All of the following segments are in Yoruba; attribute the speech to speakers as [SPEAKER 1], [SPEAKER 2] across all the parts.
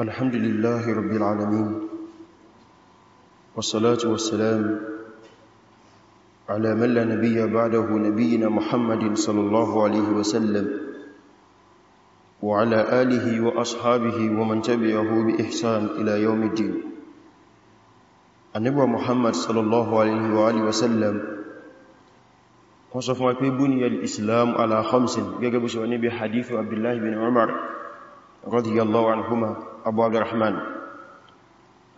[SPEAKER 1] الحمد لله رب العالمين والصلاة والسلام على من لا نبي بعده نبينا محمد صلى الله عليه وسلم وعلى آله وأصحابه ومن تبعه بإحسان إلى يوم الدين النبي محمد صلى الله عليه وآله وسلم وصف ما في بني الإسلام على خمس يجب سواني بحديث عبد الله بن عمر رضي الله عنهما أبو عبد الرحمن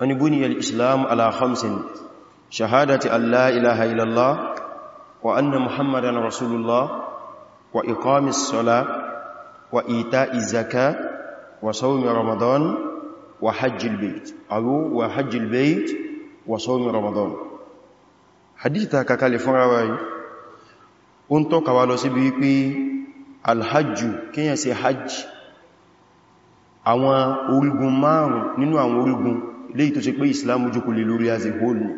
[SPEAKER 1] أن بني الإسلام على خمس شهادة أن لا إله إلا الله وأن محمد رسول الله وإقام الصلاة وإيتاء الزكاة وصوم رمضان وحج البيت أو وحج البيت وصوم رمضان حديثة كاليفوريا واي أنتو كوالوسي بيبي الحج كيان سي حج àwọn orígun márùn nínú àwọn orígun léyìí tó ṣe pé islamu jókòó lé lórí as a whole ni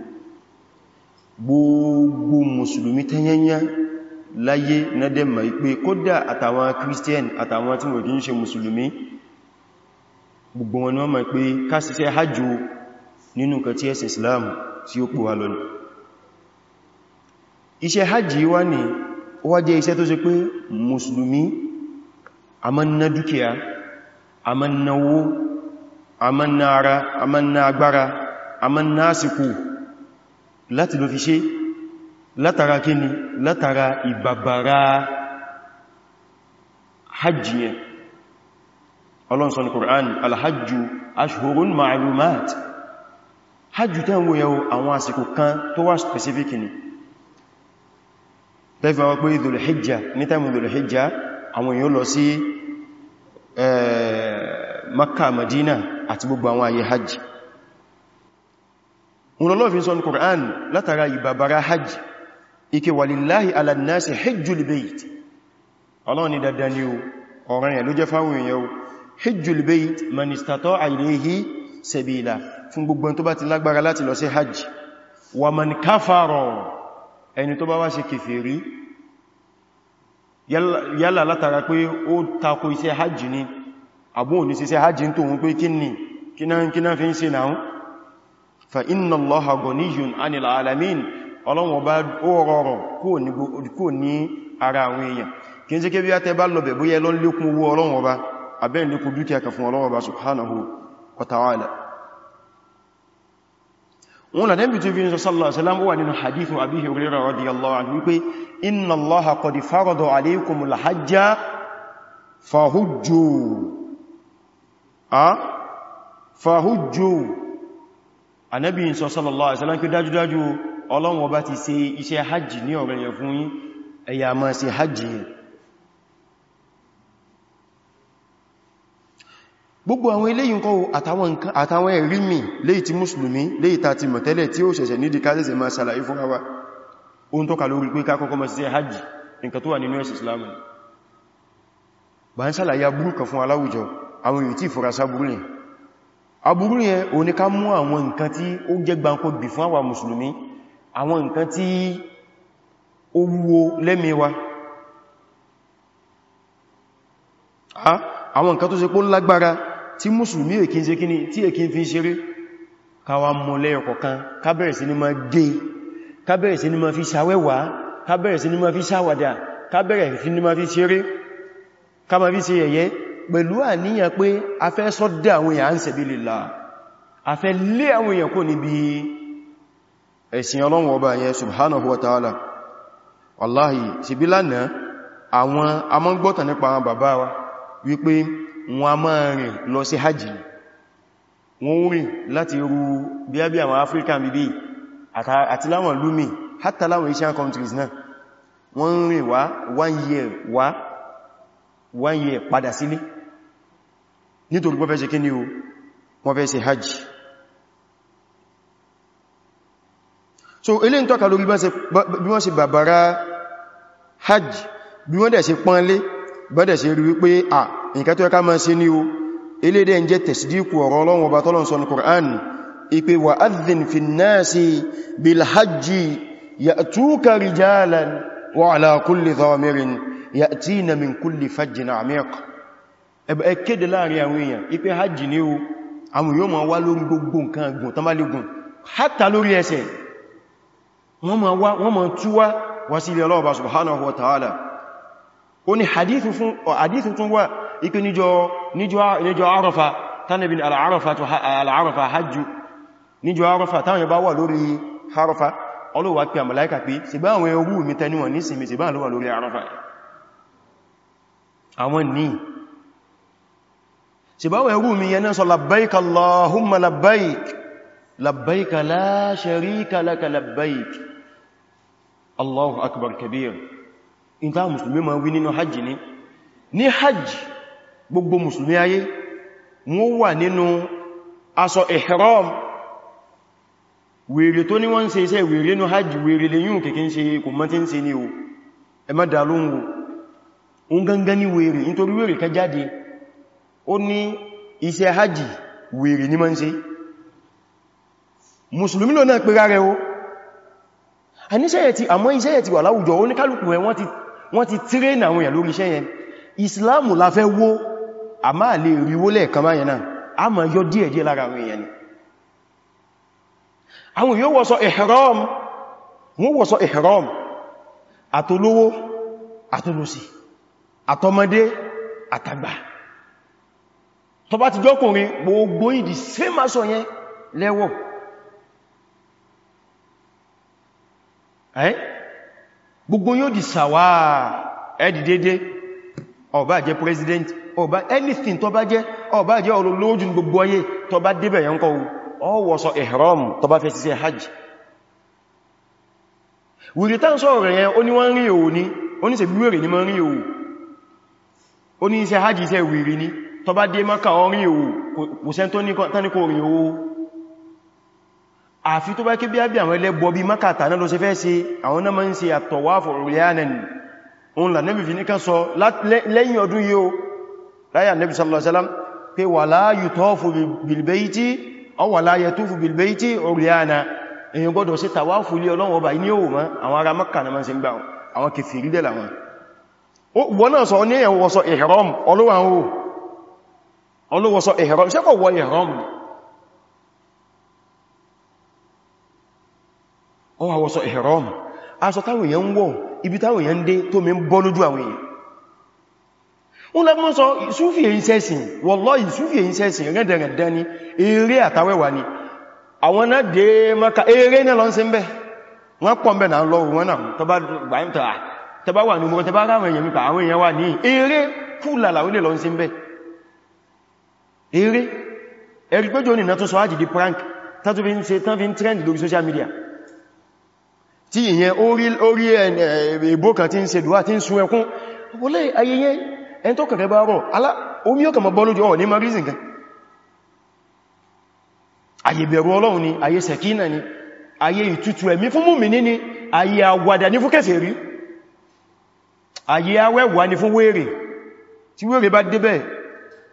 [SPEAKER 1] gbogbo mùsùlùmí tẹ́yẹnyẹ láyé nádẹ́mà ipé kódà àtàwọn christian àtàwọn tí wọ́n kí ń ṣe mùsùlùmí gbogbo wọn ni wọ́n mọ̀ pé kásìsẹ́ hajjú nínú nǹkan tí ẹ̀sìn islam tí ó pò wá lọ́nà iṣẹ́ hajji wá a mọ́ ná dúkìá a ma ń náwó a ma ń ná ara a ma ń ná agbára a ma ń ná àsìkò láti lọ fi ṣe látara kíni látara ìbàbàrá hajji yẹn ọlọ́n sọ ní Kùránì alhajju ashhurun ma'lumat hajju tẹ́ ń wo yẹ̀wò àwọn àsìkò kan tó wà specific ni tẹ́fẹ́ wọ́n pé Dhul Hijja ní tẹ́mù Dhul Hijja àwọn èèyàn lọ sí ẹ̀ẹ́ eh, Makka Madina àti gbogbo àwọn ayé hajj wọn lọ́lọ́fin sọ ní Qur'an látara ìbàbára hajj ike walillahi ala nasi hijjul bayt ọlọ́run ni dandan ni ọ̀rọ̀ yẹn ló jẹ́ fáwọn èèyàn hijjul bayt man istata'a ilayhi sabila fún gbogbo tó bá ti lágbára láti lọ sí hajj wa man kafara ẹni tó bá wá ṣe kèfèrí yálà látara pé ó tako iṣẹ́ hajj ni àbúhùn ní síse hajji tó wọ́n pé kí ni kíná fi ń ṣe náà fa inna allaha ghaniyun anil alamin ọlọ́wọ́ bá rọrọ̀ kó ní ara àwọn èèyàn kí n sí kébí àtẹ́ bá lọ bẹ̀bú yẹ lọ́lékún owó ọlọ́wọ́ bá abẹ́ lékún dúkìá kan fún ọlọ́wọ́ bá subhanahu wa ta'ala wọn làdẹ́ bí tó fi a fahujju anabi sọ sallallahu alaihi wasallam kí dájúdájú Ọlọ́run ọba ti ṣe iṣẹ́ hajji ní ọ̀rẹ́ yẹ fún yín ẹ̀yà máa ṣe hajji yẹn gbogbo àwọn eléyìn kọ́ àtàwọn ẹ̀rí mi léyìí tí mùsùlùmí léyìí ta ti mọ̀tẹ́lẹ̀ tí ó ṣẹ̀ṣẹ̀ nídi ká ṣẹ̀ṣẹ̀ ṣàlàyé fún wa o ń tọ́ka lórí pé ká kọ́kọ́ máa ṣe hajji nǹkan tó wà nínú ẹ̀sìn islamu bá ń ṣàlàyé abúrúkà fún aláwùjọ àwọn èyí tí ìfúrasá burú yẹn aburú yẹn o ní ká mú àwọn nǹkan tí ó jẹ́ gbáǹkọ́ gbì fún àwa mùsùlùmí àwọn nǹkan tí ó wúwo lẹ́mìíwa àwọn nǹkan tó ṣe pó lágbára tí mùsùlùmí èkín ṣe kíní tí èkín fi ṣeré káwa mọ̀ lẹ́yọkọ̀kan ká bẹ̀rẹ̀ sí ká bẹ̀rẹ̀ sí ní máa pẹ̀lú àníyàn pé a fẹ́ sọ́dẹ̀ àwọn èèyàn ń sẹ̀bí lè láà a fẹ́ lé àwọn èèyàn kó níbi ẹ̀sìn ọlọ́run ọba yẹn subhanahu wa ta'ala wallahi síbí lánàá àwọn amọ́gbọ́tà nípa àwọn bàbá wa wípé wọn a máa rìn lọ sí hajji wọn rìn láti ru bí i àwọn Africa bíbí àti láwọn lumi hatta láwọn Asian countries náà wọ́n rìn wá one year wá one year padà sílé nítorí pọ́fẹ́ ṣe kí ní o wọ́n fẹ́ ṣe hajj so ilé ń tọ́ka lórí bí wọ́n ṣe bàbára hajj bí wọ́n dẹ̀ ṣe pọ́nlé bọ́dẹ̀ ṣe rí wípé à nǹkan tó ẹka máa ṣe ní o ilé dẹ̀ ń jẹ́ tẹ̀sídíkù ọ̀rọ̀ ya'tina min kulli fajjin amiq ẹ kéde láàrin àwọn èèyàn ipé hajji ní o àwọn yóò máa wá lórí gbogbo nǹkan gùn tán bá lè gùn hátà lórí ẹsẹ̀ wọ́n máa wá wọ́n máa túwá wá sí ilé ọlọ́ọ̀bá subhanahu wa ta'ala ó ní hadithu tún wà ipé níjọ arafa tánàbí al'arafa hajju níjọ arafa tánàbí bá wà lórí harafa ọlọ́wà pé àmàláìkà pé sì bá àwọn ẹrú mi tẹniwọ̀n ní ṣìbáwọn ẹrù mi yẹn náà sọ labbaika Allahumma labbaik labbaika la sharika laka labbaik Allahu akbar kabir in ta musulmi ma wí nínú hajji ni ní hajji gbogbo musulmi ayé wọ́n wà nínú aṣọ ihram wèrè tó ní wọ́n ṣe iṣẹ́ wèrè nínú hajji wèrè lè yíò kìkín ṣe kò mọ́ ń ṣe ní o ẹ má dà o ń gangan ní wèrè nítorí wèrè ká jáde ó ní iṣẹ́ hajji wèrè ní ma ń ṣe musulmi ló náà pèrà rẹ̀ o a níṣẹ́ yẹ ti àmọ́ iṣẹ́ yẹ ti wà láwùjọ oníkálùkù rẹ̀ wọ́n ti tírẹ́nì àwọn èèyàn lórí iṣẹ́ yẹn islamu la fẹ́ wó a máa lè ríwó lẹ́ẹ̀kan máa yẹn náà a máa yọ díẹ̀díẹ̀ lára àwọn èèyàn ni àwọn yóò wọ́sọ ihram wọ́n wọ́sọ ihram àtolówó àtolòsì àtọmọdé àtàgbà tó bá ti jọ́kùnrin gbogbo ìdí same aṣọ yẹn lẹ́wọ̀ ẹ́ gbogbo yóò di sàwà ẹ̀dì dédé ó jẹ́ president ó anything tó bá jẹ́ ó bá jẹ́ olóòjù gbogbo ayé tó bá débẹ̀ yẹn kọ́ ó wọṣọ ihram tó bá fẹ́ sí hajj wìrìtán sọ̀rọ̀ rẹ̀ yẹn ó ní wọ́n rí òun ó ní ṣe gbúwèrè ní mọ́ rí òun ó hajj iṣẹ́ wìrì ní tó bá dé mọ́kà orin ìwò kò sẹ́ tó ní kò rìn owó àfi tó bá kí bí ábí àwọn ẹlẹ́bọ̀ bí mọ́kà tàná lọ sí fẹ́ sí àwọn náà máa ń ṣe àtọ̀wáfọ̀ orílẹ̀-èdè òun là ní kan sọ sallallahu alaihi wasallam pé wala yutafu bil bayti wala yatufu bil bayti uriyana èyàn gbọ́dọ̀ sí tàwáfù ilé ọlọ́wọ́ ọba ní òwò mọ́ àwọn ará mọ́kà náà sí ń gbà àwọn kèfèrí dẹ̀ làwọn olówọ́sọ ihram ṣé kò wọ ihram ó wà wọ́sọ ihram aṣọ táwọn èèyàn ń wọ̀ ibi táwọn èèyàn ń dé tó mi ń bọ́ lójú àwọn èèyàn wọ́n lọ́gbọ́n sọ ìsúfì ni eré àtàwẹ́wà ni àwọn náà dé maka eré náà lọ sí ń bẹ́ wọ́n pọ̀ mẹ́ náà lọ wọ́n náà tọba wà ní mọ́ tọba ráwọn eré ẹ̀rí pé jóní náà tún sọ ájì di prank tán fi ń ṣe tán fi ń trend lórí social media tí ìyẹn orí ìbò kan tí ń ṣe dùwà tí ń sun ẹkún wọlé ayẹyẹ ẹn tó kẹ̀kẹ́ bá rọ̀ alá omi ọkà mọ̀ bọ́lójú ọ̀ ní ma reason gan ayé bẹ̀rù ọlọ́run ni ayé sẹ̀kínà ni ayé ìtútù ẹ̀mí fún mùmínì ni bá débẹ̀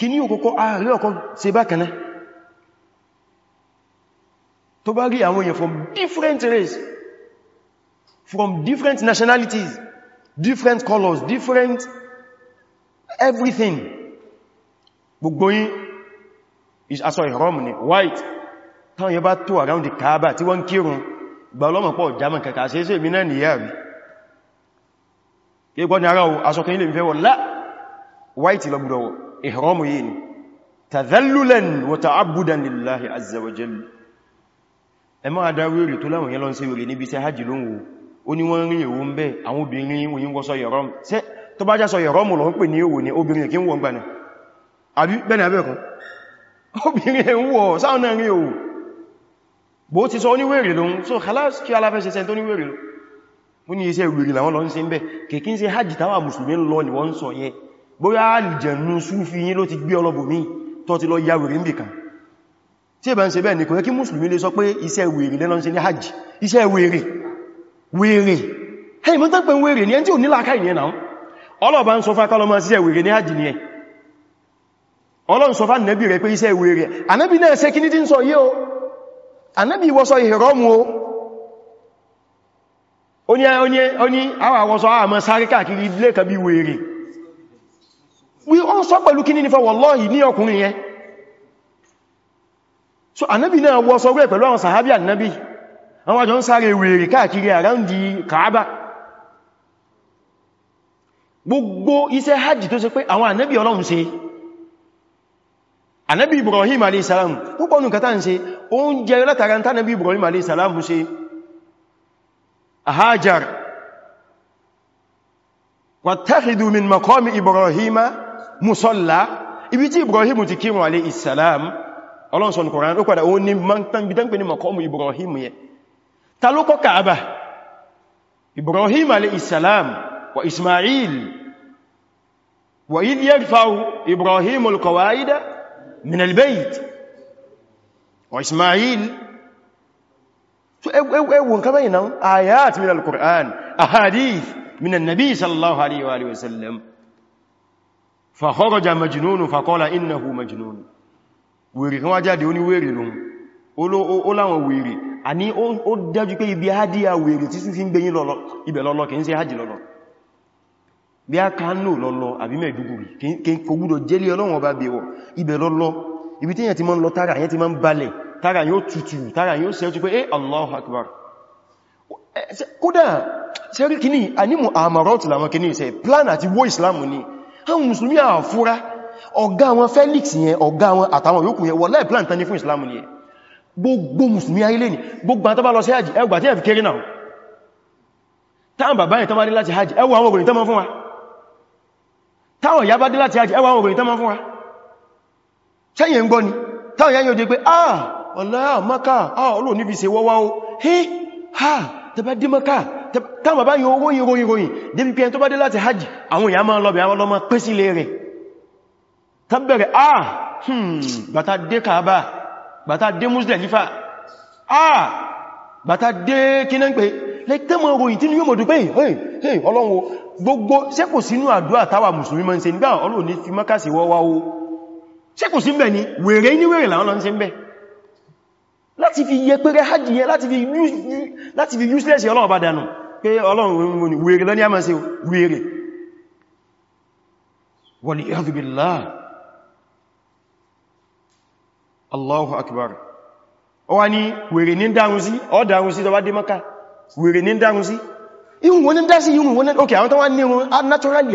[SPEAKER 1] kí ní òkòkò ààrẹ ọ̀kan ṣe bákaná tó bá rí àwọn èèyàn from different race from different nationalities different colors different everything gbogbo yín aṣọ ìrọ́mù ni white táwọn yẹ bá tó around the Kaaba tí wọ́n kírun gbà ọlọ́mọ̀pọ̀ german kàkà ṣe é ṣe ìmìnà nìyà rí kí gbọ́n ni ara aṣọ kan ilé ìfẹ́wọ̀ lá white lọ gbọ́dọ̀ ìhọ́mù yìí ni tàzálùlẹ̀n wata abúdan lillahi azzawajallu ẹ máa dá wèrè tó láwọn yẹn lọ sí wèrè níbi iṣẹ́ hajji ló ń wo ó ní wọ́n rí èwo ń bẹ́ àwọn obìnrin òyìn wọ́sọ yẹ̀rọ́m tẹ́ tó bá jásọ yẹ̀rọ́mù lọ ń pè ní èwo ni obìnrin kí ń wọ gbànà àbí bẹ́ẹ̀ abẹ́ẹ̀kan obìnrin ń wọ sáwọn náà rí èwo iṣẹ́ wèrè làwọn lọ ń ṣe ń bẹ́ kèkí ń ṣe hajji táwà mùsùlùmí lọ ni wọ́n ń sọ yẹn bóyá àlìjẹ̀nú súfí yín ló ti gbé ọlọ́bò mí tó ti lọ ya wèrè ń bìkan tí ẹ̀bẹ̀ ń ṣe bẹ́ẹ̀ ni kò yẹ kí mùsùlùmí lè sọ pé iṣẹ́ wèrè lẹ́nà ń ní hajj iṣẹ́ wèrè wèrè hey mọ́ tán pẹ̀ wèrè ní ẹn tí ò nílàkà ìyẹn náà ọlọ́ọ̀bá ń sọ fá kálọ́mọ́ iṣẹ́ wèrè ní hajj nìyẹn ọlọ́run sọ fá nẹ́bì rẹ̀ pé iṣẹ́ wèrè ànábì náà ṣe kí ní tí ń sọ yí o ànábì wọ́n sọ pẹ̀lú kí ní nífà wallahi ní ọkùnrin yẹn so anábì náà wọ́ sọ rẹ̀ pẹ̀lú àwọn sàhábí anábì àwọn àjọ ń sáré wèrè káàkiri àrándì kàábà gbogbo iṣẹ́ hajji tó ṣe pé àwọn anábì ọlọ́run ṣe anábì ibrahim aleyhisalam púpọ̀ nù kátà ń ṣe oúnjẹ látara ń tánábì ibrahim aleyhisalam ṣe hajar wàtàkìdù min makọ́mi ibrahima musalla ibi tí ibrahim ti kírun alẹ́ ìsàlám ọlọ́nsọ̀ ní kòrán ó padà ó ní mọ́ntánbítánpé ní mọ̀kọ́mù ibrahim yẹ ta ló kọ́ kàábà ibrahim alẹ́ ìsàlám wa ismail wa idh yarfa'u ibrahim al-qawa'ida min al-bayt wa ismail ẹwọ nǹkan báyìí náà ayat min al ahadith min an sallallahu alaihi wa sallam fàkọ́rọ̀já majinúnù fàkọ́lá innahu majinúnù wèrè kan wá jáde ó ní wèrè lòun ó láwọn wèrè a ní ó dájú pé ibi hádíyà wèrè tí sí fi ń gbẹ̀yìn ibẹ̀ lọ́lọ́ kìí ṣe hajji lọ́lọ́ bí a kánò lọ́lọ́ àbí mẹ́ẹ̀dúgùrì kí kò gúdọ̀ jẹ́lé ọlọ́run ọba bèèwọ̀ ibẹ̀ lọ́lọ́ eh Allahu Akbar kódà sẹ́rí kìíní a mu àmàrọ́tù làwọn kìíní sẹ́ plan àti wó àwọn musulmi àfúra ọ̀gá wọn Felix yẹn ọ̀gá wọn àtàwọn yòókù yẹn wọ́lá ìplan tán ní fún Islam ni gbogbo musulmi ayé lẹ́ni gbogbo àwọn tọ́bá lọ sí hajji ẹgbà tí ẹ̀ fi kéré náà táwọn bàbá yẹn tọ́bá dé láti hajji ẹwà àwọn obìnrin tọ́mọ fún wa táwọn ìyá bá dé láti hajji ẹwà àwọn obìnrin tọ́mọ fún wa sẹ́yìn gbọ́ ni táwọn ìyá yóò dé pé ah ọ̀lá maka ah olóò níbi ṣe wọ́wá o hé ha tẹ́bá dé maka táwọn bàbá yìí ròyìn ròyìn ròyìn débi pé ẹni tó bá dé láti hajj àwọn èèyàn máa lọ bẹ̀ àwọn ọlọ́mọ pé sí ilé rẹ̀ tábẹ̀rẹ̀ ah hmm, bàtà dé kaaba bàtà dé Muzdalifa ah bàtà dé kínan pé lẹ́tẹ́mọ̀ ròyìn tí ní yóò mọ̀dù pé ọlọ́wọ́ gbogbo sẹ́kù sínú àdúrà táwà mùsùlùmí mọ́ ṣe nígbà ọlọ́wọ́ ní fi mọ́kà sí wọ́wá o sẹ́kù sí mẹ́ ni wèrè ní wèrè làwọn lọ́n ṣe ń bẹ́ láti fi yẹ pẹ́rẹ́ hajj yẹ láti fi useless ọlọ́ọ̀bá dànù pé ọlọ́run mú ní wèrè lọ ní àmà sí wèrè wọlé ìrọ̀dùbìlá Allahu akbar ó wá ní wèrè ní dáhùn sí ó dáhùn sí tó bá dé Mákà wèrè ní dáhùn sí ihun wọn ní dá sí ihun wọn ní ok àwọn tó wá ní wọn naturally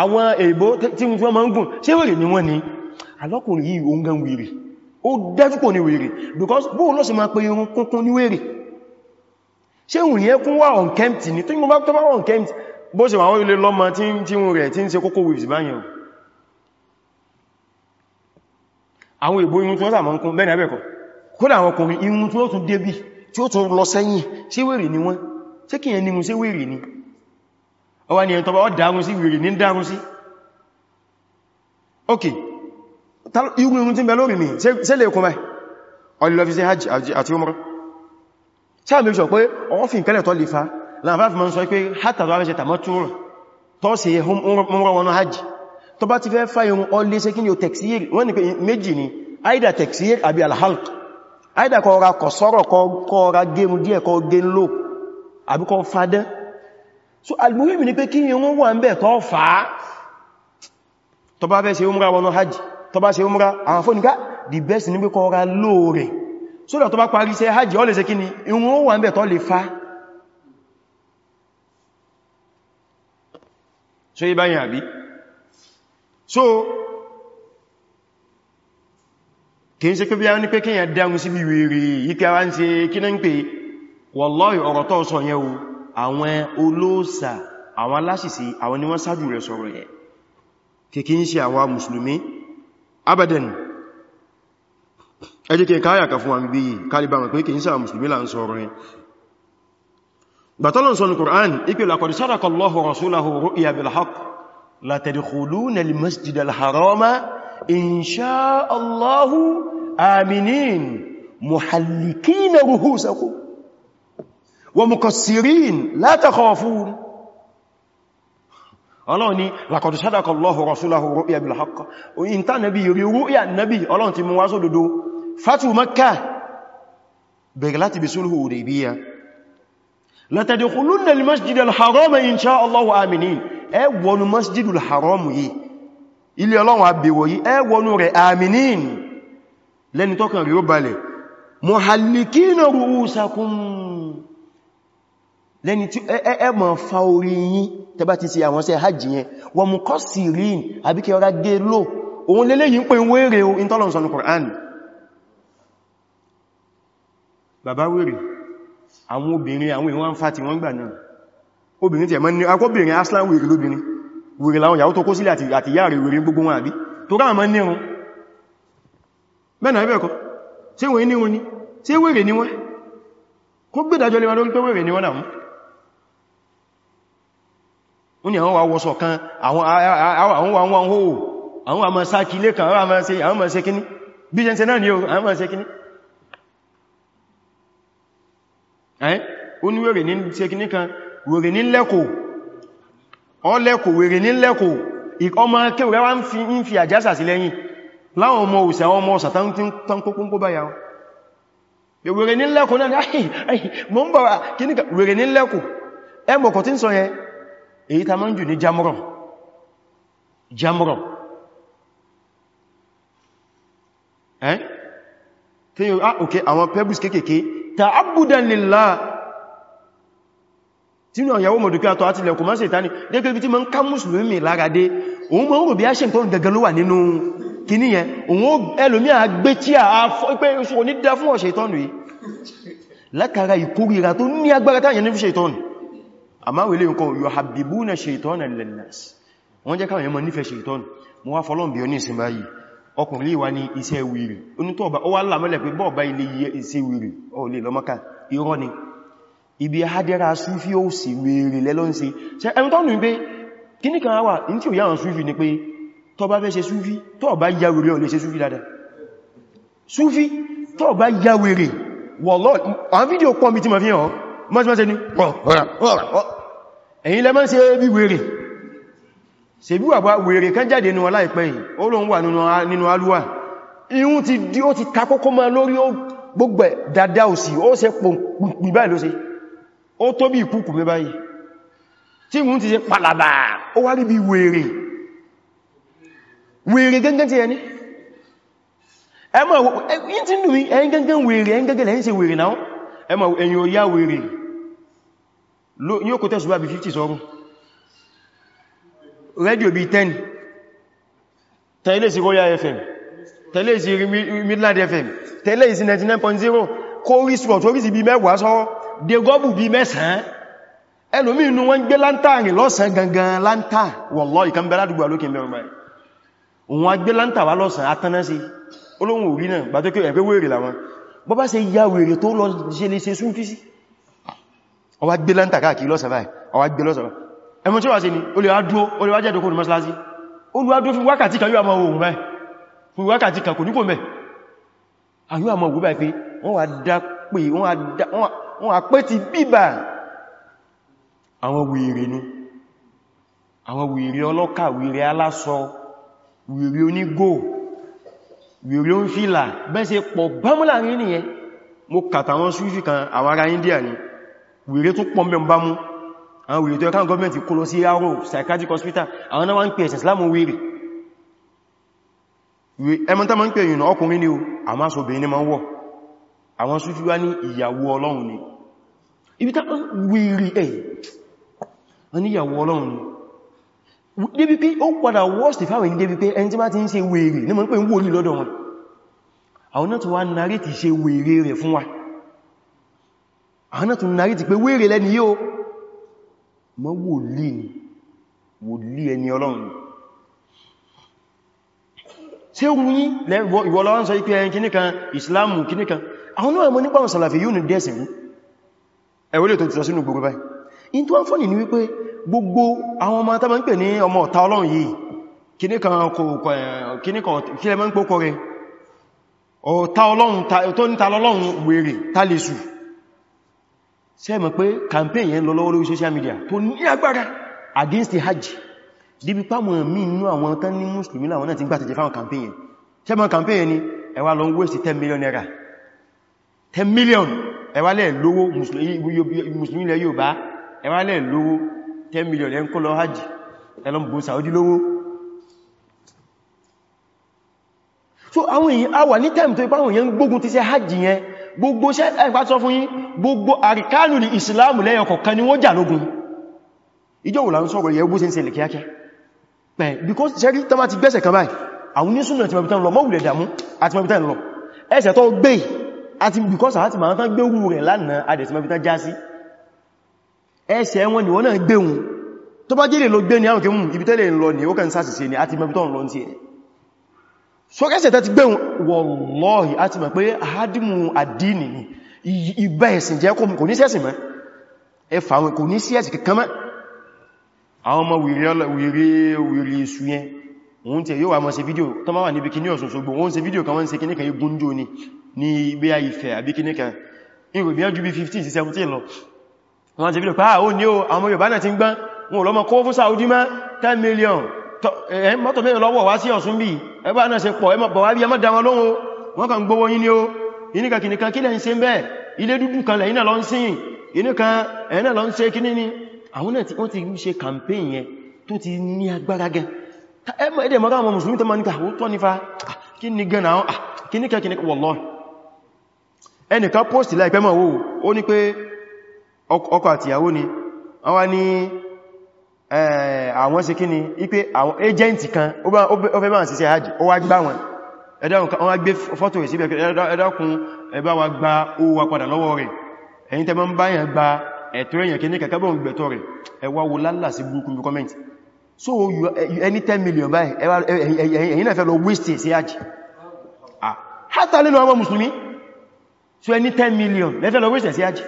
[SPEAKER 1] àwọn èèbó tí wọ́n máa ń gùn ṣé wèrè ni wọ́n ni alọ́kùnrin yìí ó ń gan wèrè ó dájú kò wèrè because bóò lọ́sí máa pe irun kúnkún ní wèrè ṣe ń rí ẹkún wà unkempt ní tí mo bá tó bá wà unkempt bó ṣe àwọn ilé lọ́mọ tí ń rẹ̀ tí ń ṣe kókó waves báyẹn àwọn ìbò inú tí wọ́n sàmọ́ kún bẹ́ẹ̀ nẹ́bẹ̀kọ́ kódà àwọn ọkùnrin inú tí ó tún débì tí ó tún lọ sẹ́yìn ṣé wèrè ni wọ́n ṣé kìí ẹni ṣé wèrè ni ọwá ni ẹ̀ntọ́bá ọ dárun mi ṣe lè kún mẹ́ ọlọ́fi sí hajj àti sáà mẹ́ṣọ̀ pé ọwọ́n fi ìkẹ́lẹ̀ tọ́ lè fa láàbá fi ma ń sọ pé hátà tó afẹ́ṣẹ́ tàmọ́túnrùn tó sì múnrọ̀ wọn hajji tó bá ti fẹ́ fáyín ọlé ṣe kí ni o tẹ̀ksíyèr wọ́n ni pé méjì ni aida tẹ̀ksíyèr àbí alhalq aida kọ ra kọ sọ́rọ̀ kọ ra gẹ́mù díẹ̀ kọ gẹ́n lò àbí kọ so almuhim ni pé kí ni wọ́n wà ń bẹ̀ tọ́ fà á tó bá fẹ́ ṣe the best ni pé kọ ra lóòrẹ̀ so da tó bá parí iṣẹ́ hajji ó lè ṣe kíni ìrun ó wà ń bẹ̀ tó lè fa so yí báyìí àbí so kìí ṣe pé bí a ní pé kíyàn dáhùn sí bí wèrè yíká wá ń ṣe kíná ń pè wallahi ọ̀rọ̀ tó sọ yẹn o àwọn olóòsà àwọn aláṣìṣì àwọn ni wọ́n ṣáájú rẹ̀ sọ̀rọ̀ yẹn kìí ṣe àwa mùsùlùmí abadan ẹjíkẹ́ káyà ka fún wa bí i kálíbà wọn pé kì í sáà musulmi là ń sọ̀rọ̀ rẹ̀ gbàtọ́lọ̀ sọ ní Qur'an ipi laqad sadaqa Allahu rasulahu ru'ya bil haqq la tadkhuluna al masjid al harama in sha Allahu aminin muhallikina ruhusakum wa muqassirin la takhafun ọlọ́run ni laqad sadaqa Allahu rasulahu ru'ya fatu makka bẹ̀rẹ̀ láti bí sulhu Hudaybiyah la tadkhulunna al-masjid al-haram insha Allah aminin ẹ wọnú masjid al-haram yìí ilé Ọlọ́run àbẹ̀wọ̀ yìí ẹ wọnú rẹ̀ aminin lẹ́ni tọ́kàn rí ó balẹ̀ muhallikina ru'usakum lẹ́ni tí ẹ ma fa orí yín tẹbá ti ṣe àwọn ṣe hajji bàbá wèrè àwọn obìnrin àwọn ìwọ̀n ń fàtí wọ́n gbà náà obìnrin tí ẹ̀mọ́ ní akọ́bìnrin aslan wèrè lóbìnrin wèrè láwọn ìyàwó tó kó sílẹ̀ àti ìyá rẹ̀ wèrè gbogbo wọn àbí tó rá àmọ́ nírun bẹ́ẹ̀nà ẹ̀bẹ̀ẹ̀kọ́ ni ṣé wèrè ni wọ́n kó gbẹ́dájọ́ lé wọn lórí ni wọ́n náà wọ́n ni àwọn wa wọ́sọ̀ kan àwọn wa wọ́n hó àwọn àmọ́ sákilé kan àwọn àmọ́ ṣe kíní bí jẹ́ ń ṣe náà ni ó àwọn ó ní wèrè ní ṣekíní kan wèrè ní lẹ́kọ̀ ọlẹ́kọ̀ wèrè ní lẹ́kọ̀ ọmọ akẹ́wẹ̀ẹ́ wá ń fi àjásà sí lẹ́yìn láwọn ọmọ òsì àwọn ọmọ ọ̀sà tán kókún kó báyà wèrè ní lẹ́kọ̀ náà mọ́ ń bọ̀rà kíníkà wèrè ní lẹ́kọ̀ ẹmọ̀kọ̀ tí yóò ah ok àwọn pebbles kéèkéé ta'abudan lillah tí náà yàwó mọ̀dùkú àtọ́ àti ilẹ̀kùn máa ṣètání dékẹ́ bí tí ma ń ká mùsùlùmí lárádé òun ma ń rò bí a ṣe tó ń gẹ̀gẹ̀ ló wà nínú kìní yẹn òun ẹlòmí àgbé tí a fọ́ pé oṣù ní dá fún ọ̀ṣẹ̀ ìtọ́nù yìí lákàrà ìkórira tó ní agbára táyẹn nífú ṣètọ́nù àmáwẹ̀lẹ́ nǹkan yóò habibú na ṣètọ́nù lẹ́nàs wọ́n jẹ́ káwọn yẹn mọ́ nífẹ̀ẹ́ ṣètọ́nù mo wá fọ́lọ́m̀bí ọ ní ìsinmi báyìí ọkùnrin wa ní iṣẹ́ wìrì onítọ̀ ọba ó wá lámọ́lẹ̀ pé bọ́ọ̀bá ilé iṣẹ́ wìrì ó lè lọ́mọ́ká irọ́ ni ibi hadera súfí ó sì wìrì lẹ́lọ́ ń ṣe ṣe ẹni tó nù pé kí ní kan wà ní tí ò yáwọn súfí ni pé tó bá fẹ́ ṣe súfí tó bá ya wìrì ó lè ṣe súfí dáadáa súfí tó bá ya wìrì wọ́lọ́ àwọn fídíò pọ̀ mi ṣebí wà wèrè kan jáde nínú aláìpẹ́ yìí ó lóun wà nínú alúwà ihun ti dí ó ti takókó ma lórí ó gbogbo dada òsì ó ṣe pòpì báyìí ló ṣe ó tó bí ìkúkù mẹ́ báyìí tí ihun ti ṣe pàlàbà ó wá rí bí wèrè wèrè gẹ́gẹ́ ti ẹni ẹmọ ẹ̀yìn tí nù mí gẹ́gẹ́ wèrè ẹ̀yìn gẹ́gẹ́ lẹ́yìn ṣe wèrè náà ẹmọ ẹ̀yìn ó yá wèrè yóò kó tẹ́sùbá bí 50 sọ́rùn rédíò bí 10 tẹ̀lé sí Royal FM tẹ̀lé sí Midland FM tẹ̀lé sí 99.0 kórí sport orí sí bí mẹ́wàá sọ́wọ́ dé gọ́bù bí mẹ́sàn-án ẹlòmí inú wọn gbé lántàrí lọ́sàn gangan lántà wọ̀lọ́ ìkànbẹ̀ ládùgbà lókè mẹ́rin òun a gbé lántà wá lọ́sàn atánná sí olóhun òrí náà gbàtọ́kẹ́ ẹ̀fẹ́ wèrè làwọn bọ́bá ṣe ya wèrè tó lọ ṣe lè ṣe súnfí sí ọwá gbé lántà káàkiri lọ́sàn báyìí ọwá gbé lọ́sàn báyìí ẹmọ tí wà sí ni olùwádúó olùwájẹ́ ìdókò ní mọ́sílásí olùwádúó fún wákàtí kan yíwa ma wo mẹ́ fún wákàtí kan kò ní kò mẹ́ àyíwa ma wo báyìí pé wọ́n wà dá pé wọ́n wà pẹ́ ti bíbà àwọn wèrè ní àwọn wèrè ọlọ́kà wèrè aláṣọ wèrè onígò wèrè onífìlà bẹ́ẹ̀ṣe pọ̀ bámúlà rí nìyẹn mo kàtàwọn súfì kan àwọn ará India ni wèrè tó pọ̀ mẹ́ àwọn wèrè tó ẹkàn gọ́ọ̀mẹ́ntì kó lọ sí aro psychiatric hospital àwọn náà wá ń pè ẹ̀sẹ̀ islamu wèrè ẹmọ tó ma ń pè yìnà ọkùnrin ni o àmá sóbìnrin ni ma ń wọ̀ àwọn súfí wá ní ìyàwó ọlọ́run ni ibi tá wèrè ẹ̀ wọ́n ní ìyàwó ọlọ́run worst fáwọn ní débi pé ẹni tí má ti ń ṣe wèrè ní mọ́ pé ń wòlí lọ́dọ̀ wọn àwọn náà tó wá narrate ṣe wèrè rẹ̀ fún wa àwọn náà tó narrate pé wèrè lẹ́ni yóò mọ́ wòlí ni wòlí ẹni ọlọ́run tí ó wúyí ìwọ̀lọ́wọ́n sọ ipé ẹyìn kìníkan ìsìláàmù kìníkan àwọn náà mọ́ nípa àwọn sàlàfí yóò ní dẹ́sìn rú ẹ̀wọ́lẹ̀ tó ti sọ sínú gbogbo báyìí in tó wọ́n fọ́nì ní wípé gbogbo àwọn ọmọ tàbí ń pè ṣé mọ̀ pé campaign yẹn lọ lọ́wọ́ lórí social media To ní agbára against the hajj débi páwọn míì nínú àwọn ni ní mùsùlùmí láwọn náà ti ń gbà tẹ̀jẹ̀ fáwọn campaign yẹn ṣé mọ̀ campaign yẹn ni ẹ wá lọ waste 10 million naira 10 million ẹ wá lè lówó mùsùlùmí ilẹ̀ Yorùbá ẹ wá lè lówó 10 million ẹ ko lo lọ hajj ẹ lọ bó Saudi lówó so àwọn èèyàn a wà ní time tó ipá àwọn èèyàn gbógun ti ṣe hajj yẹn gbogbo ṣẹ́ ẹgbà sọ fún yín gbogbo àríkánù ní ìsìláàmù lẹ́yọ kọ̀kan ni wọ́n jà lógun ìjọ wò láwọn sọ̀rọ̀ yẹ bó ṣe ń ṣẹlẹ̀ kíákẹ́ pẹ̀ because ṣẹ́rí tó bá ti gbẹ́sẹ̀ kan báyìí àwọn onísùnà ti mẹ́bìtán lọ mọ́wùlẹ̀ dàmú àti mẹ́bìtán lọ ẹsẹ̀ tó gbé àti because àti màá tán gbé wù rẹ̀ lánàá adẹ̀ ti mẹ́bìtán já sí ẹsẹ̀ wọn ni wọ́n náà gbéhun tó bá jẹ́rẹ̀ lọ gbé ní àwọn kemù ibi tẹ́lẹ̀ ń lọ ní ó kàn sáàsì sí ni àti mẹ́bìtán lọ ní ti ẹ̀ so kẹsẹ̀ tẹ́ ti gbé wallahi a ti mọ̀ pé àádìmù àdínì ni ìbá ẹ̀sìn jẹ́ kò ní sẹ́sìn mẹ́ ẹfà àwọn kò ní sí ẹ̀sìn kankan mẹ́ àwọn ọmọ wèrè wèrè èsù yẹn wọ́n tẹ̀ yóò wà mọ́ ṣe fídíò tó máa wà níbi kí ní Ọ̀ṣun Òṣogbo wọ́n ṣe fídíò kan wọ́n ṣe kíníkan yóò gúnjò ní ní ibi Ifẹ̀ àbí kíníkan ìrò bí ẹjú bí 15 sí 17 lọ wọ́n ṣe fídíò pé ah, àwọn Yorùbá náà 10 million mọ́tò mẹ́rin lọ́wọ́ wá sí Ọ̀ṣun bí ẹgbà náà ṣe pọ̀ ẹmọ bọ̀wá bí ẹmọ́ dáwọn lóhun wọ́n kàn gbówó yín ni ó iníkà kìníkà kílẹ̀ ń ṣe ń bẹ́ẹ̀ ilé dúdú kan lẹ́yìn náà lọ ń sìn iníkà ẹ̀yìn náà lọ ń ṣe kíní ni àwọn náà tí wọ́n ti ṣe campaign yẹn tó ti ní agbára gan ẹmọ èdè mọ́ra àwọn mùsùlùmí tó máa níkà ó tọ́ nífa ah, kí ni gan àwọn ah, kíníkà kíníkà wallahi ẹnìkan post Eh, àwọn ṣe kíni ipé àwọn agent kan ó fẹ́ máa ṣiṣẹ́ hajj ó wá gbá wọn ẹ̀dọ́kùn kan wá gbé fọ́tò rẹ̀ síbẹ̀ ẹ̀dọ́kùn ẹbá wa gba owó wa padà lọ́wọ́ rẹ̀ ẹ̀yin tẹ́ bá yàn gba ẹ̀tọ́ èyàn kí ní kẹ́kẹ́bọ̀n gbẹ̀tọ́ rẹ̀ ẹwà wo lálà sí burúkú bí comment so ẹni 10 million báyìí ẹ̀yin náà fẹ́ lọ waste sí hajj ah, hátà nínú àwọn mùsùlùmí so ẹni 10 million lẹ́fẹ́ lọ waste sí hajj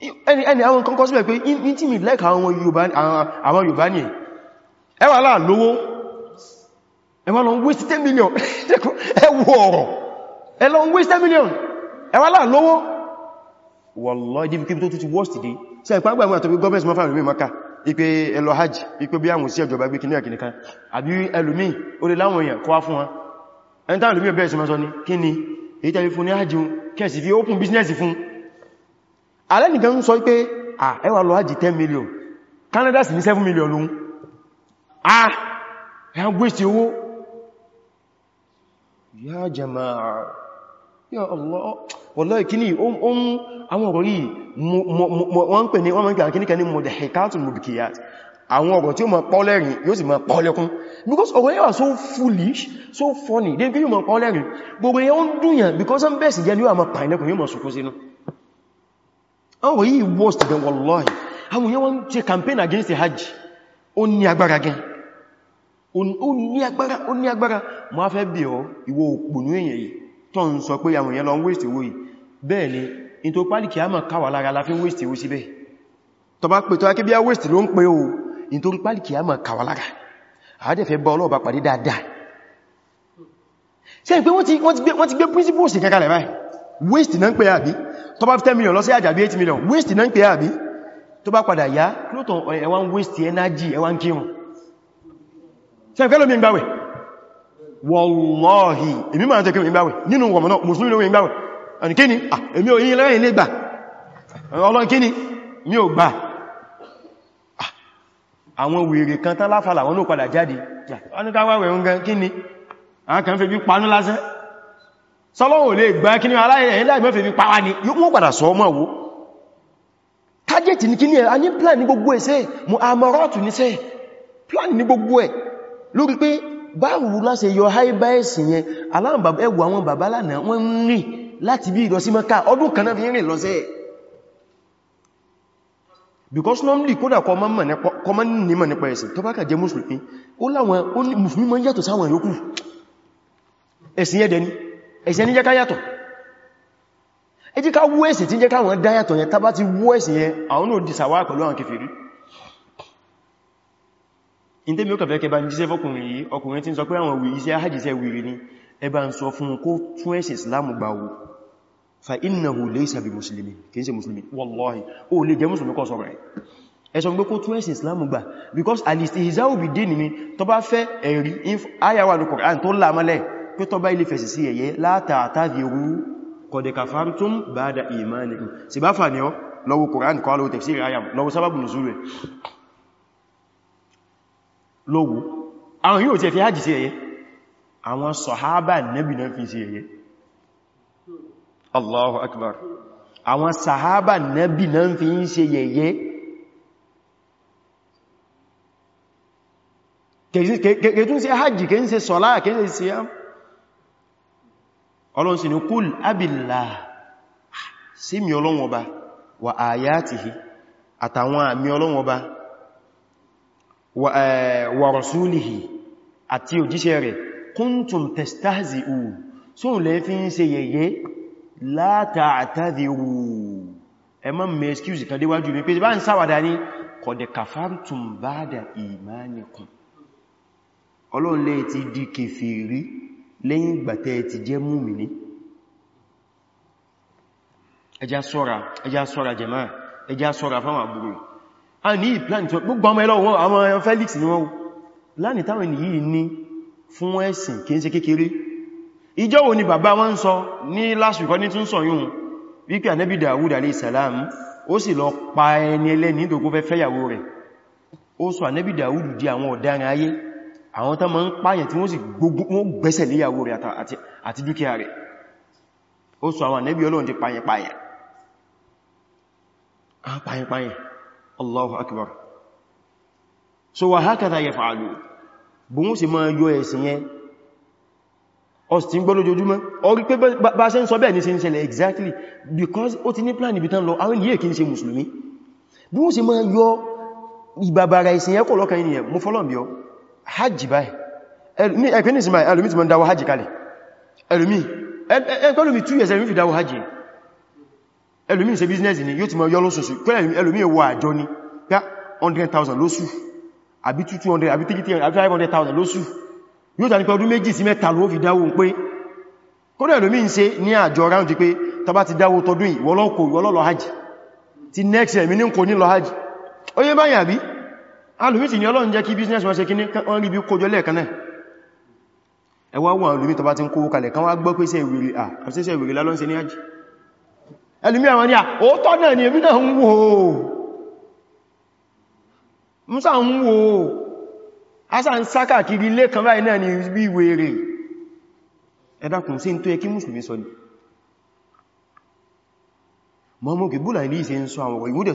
[SPEAKER 1] ẹni ẹni àwọn kan kọ́sílẹ̀ pé in tí mi lẹ́kà àwọn Yorùbá ní ẹwà láà lówó ẹwà lọ ń waste 10 million ẹwọ ọ̀rọ̀ ẹlọ ń waste 10 million ẹwà láà lówó wallahi ibi kí tó ti worst dé sí ẹ̀pá gbàmù àtọ́bí gọ́ọ̀mẹ́sì mọ́fà rí maka ipe ẹlọ hajj ipe bí àwọn sí ẹjọba gbé kí ní àkìnìkan àbí ẹlòmí ó lè láwọn èèyàn kọ́ fún wọn ẹni táwọn ẹlòmí ọbẹ̀ ẹ̀sùn mọ́ sọ ní kí ni èyí tẹ́lifún ní hajj kẹ́ẹ̀sì open business fún alẹ́nìkan sọ pé ah ẹ wá lọ hajj 10 million Canada sì ní 7 million lóhun ah ẹ ń gbèsè owó ya jama'a ya Allah wallahi kíní àwọn ọ̀rọ̀ yìí wọ́n ń pè ní wọ́n mọ́ kíníkà ní mudhihikatul mubkiyat àwọn ọ̀rọ̀ tí ó máa pọ́lẹ̀rin yóò sì máa pọ́lẹ̀kún because ọ̀rọ̀ yẹn so foolish so funny Then kí yóò máa pọ́lẹ̀rin gbogbo yẹn ó ń dùn yàn because ń best. jẹ́ ní yóò máa pàìlẹ̀kùn yóò máa sùkún sínú àwọn yìí worst gan wallahi àwọn yẹn wọ́n ṣe campaign against the hajj ó ní agbára gan ó ní agbára ó ní agbára ma fẹ́ bí ọ ìwọ òpònú èyàn yìí tó ń sọ pé àwọn yẹn lọ waste owó yìí bẹ́ẹ̀ ni in tó pálì kìí kàwà lára la waste owó síbẹ̀ tó bá pè tó wá bí a waste ló ń pè o in tó pálì kìí kàwà lára àádẹ́fẹ́ bọ́ ọlọ́ọ̀bá pàdé dáadáa ṣe pé wọ́n ti gbé principles kankan báyìí waste náà ń pè àbí tó bá 10 million lọ sí àjàbí 8 million waste náà ń pè àbí tó bá padà yá lóòtọ̀ ẹwà ń waste energy ẹwà ń kírun ṣe ìfẹ́ lómi ìgbàwẹ̀ wallahi èmi máa tẹ́kẹ́ ìgbàwẹ̀ nínú wọ̀mọ̀nà mùsùlùmí lómi ìgbàwẹ̀ ẹni kíni èmi ò yí lẹ́yìn lẹ́gbà ọlọ́n kíni mi ò gbà àwọn wèrè kan tán láfàlà wọn ló padà jáde sọ́lọ́wọ̀n lè gbá kí ní aláìrẹ̀ láìmọ́fẹ́ fi pàwà ní yóò mú padà sọ ọmọ wo target ní kí ní a ní plan ní gbogbo ẹ̀ṣẹ́ mú amọ́rọ̀tù níṣẹ́ plan ní gbogbo ẹ̀ lórí pé báwo la ṣe yọ haibáẹ̀sì yẹn ẹwù àwọn bàbá lánàá wọ́n ń rìn láti bí ìlọ sí Mẹ́kà ọdún kan náà fi rìn lọ sẹ́ because normally kódà kọmọ nímọ̀ nípa ẹ̀sìn tó bá kà jẹ́ ẹ̀ṣẹ̀ ní jẹ́ ká yàtọ̀ ẹ jí ká wú ẹ̀ṣẹ̀ tí jẹ́ káwọn dá yàtọ̀ yẹn tá bá ti wú ẹ̀ṣẹ̀ yẹn àwọn náà di sàwá pẹ̀lú àwọn kèfèrí in tẹ́mi ó kàfẹ́ kẹba ní jíṣẹ́ fọ́kùnrin yìí ọkùnrin tí ń sọ pé àwọn iṣẹ́ hajjíṣẹ́ wèrè ni ẹba ń sọ fún kó tún ẹ̀ṣẹ̀ islamu gbà wò fa innahu laysa bi muslimi kìí ṣe muslimi wallahi ó lè jẹ́ musulmi kọ́ sọ̀rọ̀ ẹ̀sọ̀ gbé kó tún ẹ̀ṣẹ̀ islamu gbà because alistihizau bi dini mi tó bá fẹ́ ẹ̀rí ayawa ní Qur'an tó lámọ́lẹ̀ pé tó bá ilé fẹ̀sì sí ẹ̀yẹ látàtàdìrú kọ̀dẹ̀kàfàntún bá da ìmáni sì bá fà ní ọ lọ́wọ́ koran kọ́ lọ́wọ́ tafsir ayam lọ́wọ́ sábàbù nùzúrẹ̀ lọ́wọ́ àwọn yóò tẹ́ fi hajji sí ẹ̀yẹ kẹ́ ń ṣe sọ́lá kẹ́ ń ṣe siyam ọlọ́run sì ní kúl abillah sí mi ọlọ́run ọba wà ayatihi àtàwọn àmì ọlọ́run ọba wà rasulihi àti òjíṣẹ́ rẹ̀ kuntum testahzi'u sóhun lẹ́ fi ń ṣe yẹ̀yẹ́ la ta'tadhiru ẹ má mẹ́ excuse kan déwájú mi pé bá ń sáwàdá ní qad kafartum ba'da imanikum ọlọ́run lẹ́ ti di kèfèrí lẹ́yìn ìgbàtẹ́ ti jẹ́ múmìní ẹjá ṣọ́ra ẹjá ṣọ́ra jẹ̀má ẹjá ṣọ́ra fáwọn àbúrò a ní ìplànì tí gbogbo ọmọ ẹlọ́wọ́ àwọn ẹyàn Felix ni wọ́n láni táwọn ènìyàn ní fún ẹ̀sìn kí n ṣe kékeré ìjọ wo ni bàbá wọn sọ ní last week ní tún sọ wípé ànábì Dawud alayhi salam ó sì lọ pa ẹni ẹlẹ́ni ìdòkó fẹ́ fẹ́yàwó rẹ̀ ó sọ ànábì Dawud di àwọn ọ̀daràn ayé àwọn tán ma ń pààyàn tí wọ́n sì gbẹ́sẹ̀ léyàwó rẹ̀ àti dúkìá rẹ̀ ó sọ àwọn ànẹ́bí Ọlọ́run ti pààyàn pààyàn a pààyàn pààyàn Allahu akbar so wà hákàtà yẹ fàálù bú wọ́n sì máa yọ ẹ̀sìn yẹn ọ̀sì tí ń gbọ́ lójoojúmọ́ ọ rí pé bá ṣe ń sọ bẹ́ẹ̀ ní ṣe ń ṣẹlẹ̀ exactly because ó ti ní plan ibi tán lọ àwọn ènìyàn kì í ṣe mùsùlùmí bí wọ́n sì máa yọ ìbàbàrà ìsìn yẹ́kọ̀ lọ́kàn ènìyàn mú fọ́lọ̀mbíọ́ hajji báyìí ẹgbẹ́ ní ìsinmi ẹlòmí ti mọ́ dáwọ́ hajji kalẹ̀ ẹlòmí ẹgbẹ́lòmí two years ẹlòmí fi dáwọ́ hajji ẹlòmí ṣe business ni yóò ti mọ́ yọ lóṣooṣù kẹ́lẹ̀ ẹlòmí wọ àjọ ni pé 100,000 lóṣù àbí 200 àbí 300 àbí 500,000 lóṣù yóò tà ní pé ọdún méjì sí mẹ́ta ló fi dáwọ́ pé kódà ẹlòmí ń ṣe ní àjọ ráùndì pé tọba ti dáwọ́ tọdún ìwọ́lọ́kọ̀ ìwọ́lọ́lọ́ hajji ti next year mi ní kò ní lọ hajji ó yé báyìí àbí alùmítì ni ọlọ́run jẹ́ kí business wọn ṣe kí ní wọ́n rí bí kójọ lẹ́ẹ̀kan náà ẹwà wọn alùmí tọba ti ń kówó kalẹ̀ kan wá gbọ́ pé sẹ́ ìwèrè à àṣẹ́sẹ́ ní àjì ẹlùmí àwọn ní à náà ni èmi náà ń wò kiri mọ́mọ́ kìbúlà ilé ìṣẹ́ ń sọ àwọn ìwúdẹ̀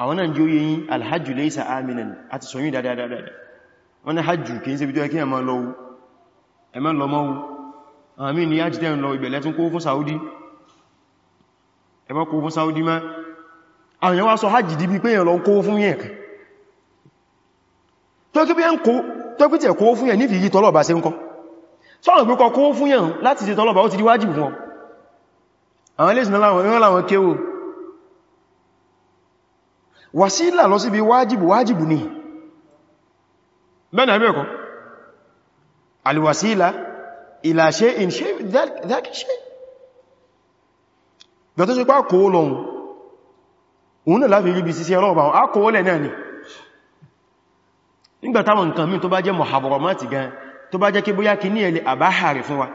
[SPEAKER 1] àwọn náà jí ó yẹ yí alhajjù laysa aminan àti sọ̀yìn dáadáa wọ́n ni hajjù kì í ṣe bí tó ẹkí ẹmọ lọ́wọ́ ẹmọ lọ́mọ́wó àmì ni yá jìdẹ̀ lọ ìbẹ̀lẹ̀ tún kó fún Saudi ẹmọ kó fún Saudi má àwọn yẹn wá sọ hajjì dìbí pé yẹn lọ kó fún yẹn kan tọ́kí tẹ̀ kó fún yẹn nífi yí tọ́lọ̀bà ṣe ń kọ́ pé kọ wàsílà lọ síbi wájìbù wájìbù ni bẹ́ẹ̀ náà ẹ̀kọ́ alìwàsílà ila shay'in ṣe dákì ṣe gbẹ̀tọ́ ṣe pá kó lọ́un òun náà láfi ríbi síse ọlọ́ọ̀bà á kó lẹ̀ náà ni nígbàtàwọn nǹkan mí tó bá jẹ́ mọ̀hàbọ̀rọ̀mátì gan tó bá jẹ́ kí bóyá kí ní ẹ̀lẹ̀ àbáhàrì fún wa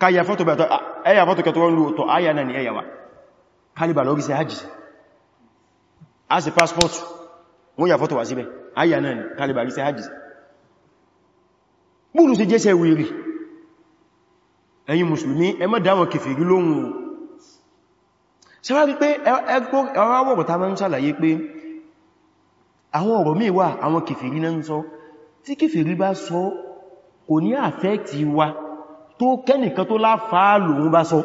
[SPEAKER 1] káyà fọ́tò kẹtọ́ ẹ̀yà wa kálíbà lórí sí As a passport wọ́n yà fọ́tọ̀ wà síbẹ̀ ayà náà ni kalibari sí hajji búrú sí jẹ́sẹ̀ wèrè ẹ̀yin musulmi ẹ má dáwọn kèfèrí lóhun o ṣẹ́wárí pé ọwọ́ àwọ̀bọ̀ ta máa ń ṣàlàyé pé àwọn ọ̀rọ̀ míì wà àwọn kèfèrí náà ń sọ tí kèfèrí bá sọ kò ní àfẹ́ẹ̀tì wa tó kẹ́nìkan tó láfàá lòun bá sọ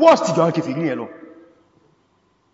[SPEAKER 1] worst jọ kèfèrí yẹn lọ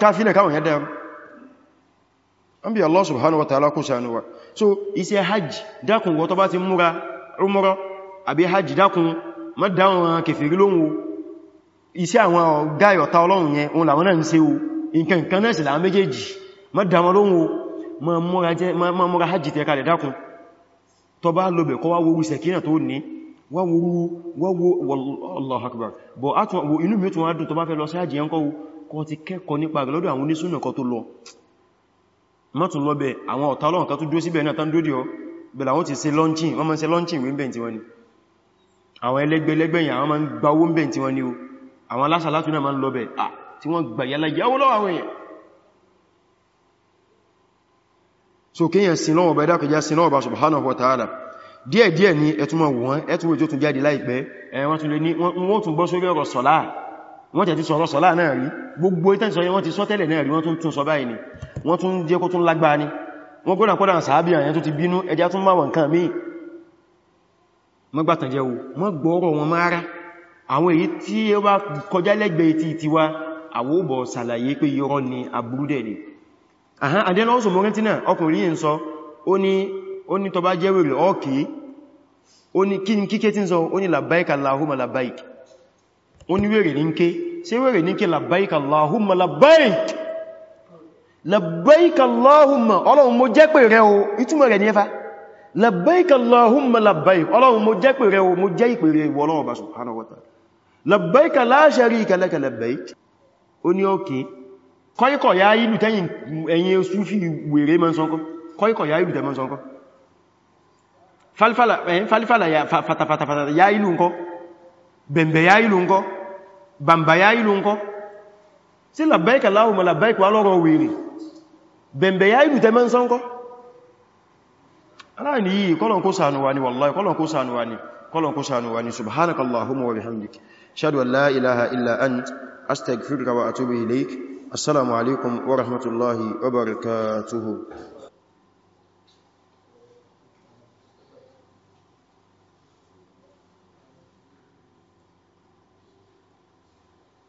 [SPEAKER 1] káfílẹ̀ káwọn yẹ́ dẹ̀rù an bí Allah subhanahu wa ta'ala kó sànú wa so iṣẹ́ hajj dákun wọ́n tó bá ti múra umra àbí hajj dákun má dáwọn kèfèrí lóhun iṣẹ́ àwọn gáyọ̀ta ọlọ́run yẹn òun làwọn náà ń ṣe o nǹkan kan náà sì láwọn méjèèjì má dáwọn lóhun o ma múra hajj tẹ́ kalẹ̀ dákun tó bá lóbẹ̀ kọ́ wá wórú sẹ̀kínà tó ní wá wórú wọ́wọ́ Allahu akbar bọ̀ inú mi tún wá dùn tó bá fẹ́ lọ sí hajj yẹn kọ́ ti kẹ́kọ̀ọ́ nípa rẹ̀ lọ́dọ̀ àwọn onísúnà kan tó lọ má tún lọ bẹ àwọn ọ̀tá Ọlọ́run kan tó dúró síbẹ̀ náà tán dúró dìọ́ bẹ̀rẹ̀ ti ṣe launching ni àwọn ẹlẹ́gbẹ̀lẹ́gbẹ̀yìn àwọn o àwọn alásàlátù náà máa ń lọ bẹ̀ à tí wọ́n gbà so kíyàn sin lọ́wọ́ bá dákẹjá sin lọ́wọ́ bá subhanahu wa ta'ala díẹ̀díẹ̀ ni ẹtùmọ̀ wọ́n ẹtùmọ̀ tó tún jáde láìpẹ́ ẹ̀wọ́n tún lè ní wọ́n tún bọ́ sórí ọ̀rọ̀ sọ̀láà wọ́n tẹ̀ ti sọ̀rọ̀ sọ̀lá náà rí gbogbo ìtẹ́sọ̀ yẹn wọ́n ti sọ tẹ́lẹ̀ náà rí wọ́n tún tún sọ báyìí ni wọ́n tún jẹ́ kó tún lágbàá ni wọ́n gbọ́nà kọ́dà sàábì àyẹn tó ti bínú ẹja tún máwọn nǹkan míì mọ́gbàtànjẹ́ wo wọ́n gbọ́rọ̀ wọn mára àwọn èyí tí ó bá kọjá lẹ́gbẹ̀ẹ́ ti ti wá àwòbọ̀ sàlàyé pé yọrọ ni aburúdẹ̀ ni àhán àdẹ́nà ó oníwèrè ní ké sí wèrè ní ké labbaik allahumma labbaik labbaik allahumma ọlọ́run mo jẹ́ pè rẹ o ìtumọ̀ rẹ̀ ní ẹfà labbaik allahumma labbaik ọlọ́run mo jẹ́ pè rẹ o mo jẹ́ ìpè rẹ ìwọ ọlọ́run la sharika laka labbaik ó ní òkè kọ́íkọ̀ ya ìlú tẹ́yìn ẹ̀yìn súfì wèrè mọ́sánkọ́ kọ́íkọ̀ ya ìlú tẹ́ mọ́sánkọ́ falifala ya fatafatafata ya ìlú ńkọ́ bẹ̀m̀bẹ̀ ya ìlú ńkọ́ bàmbàyá ìlú ńkọ́ sí labbaik Allahumma labbaik wà lọ́rọ̀ wèrè bẹ̀m̀bẹ̀yá ìlú tẹ́mẹ́ ń sọ ńkọ́ aláàrin yìí kọ́lọ̀n kó sànú wa ni wallahi kọ́lọ̀n kó sànú wa ni kọ́lọ̀n kó sànú wa ni subhanakallahumma wa bihamdik shadu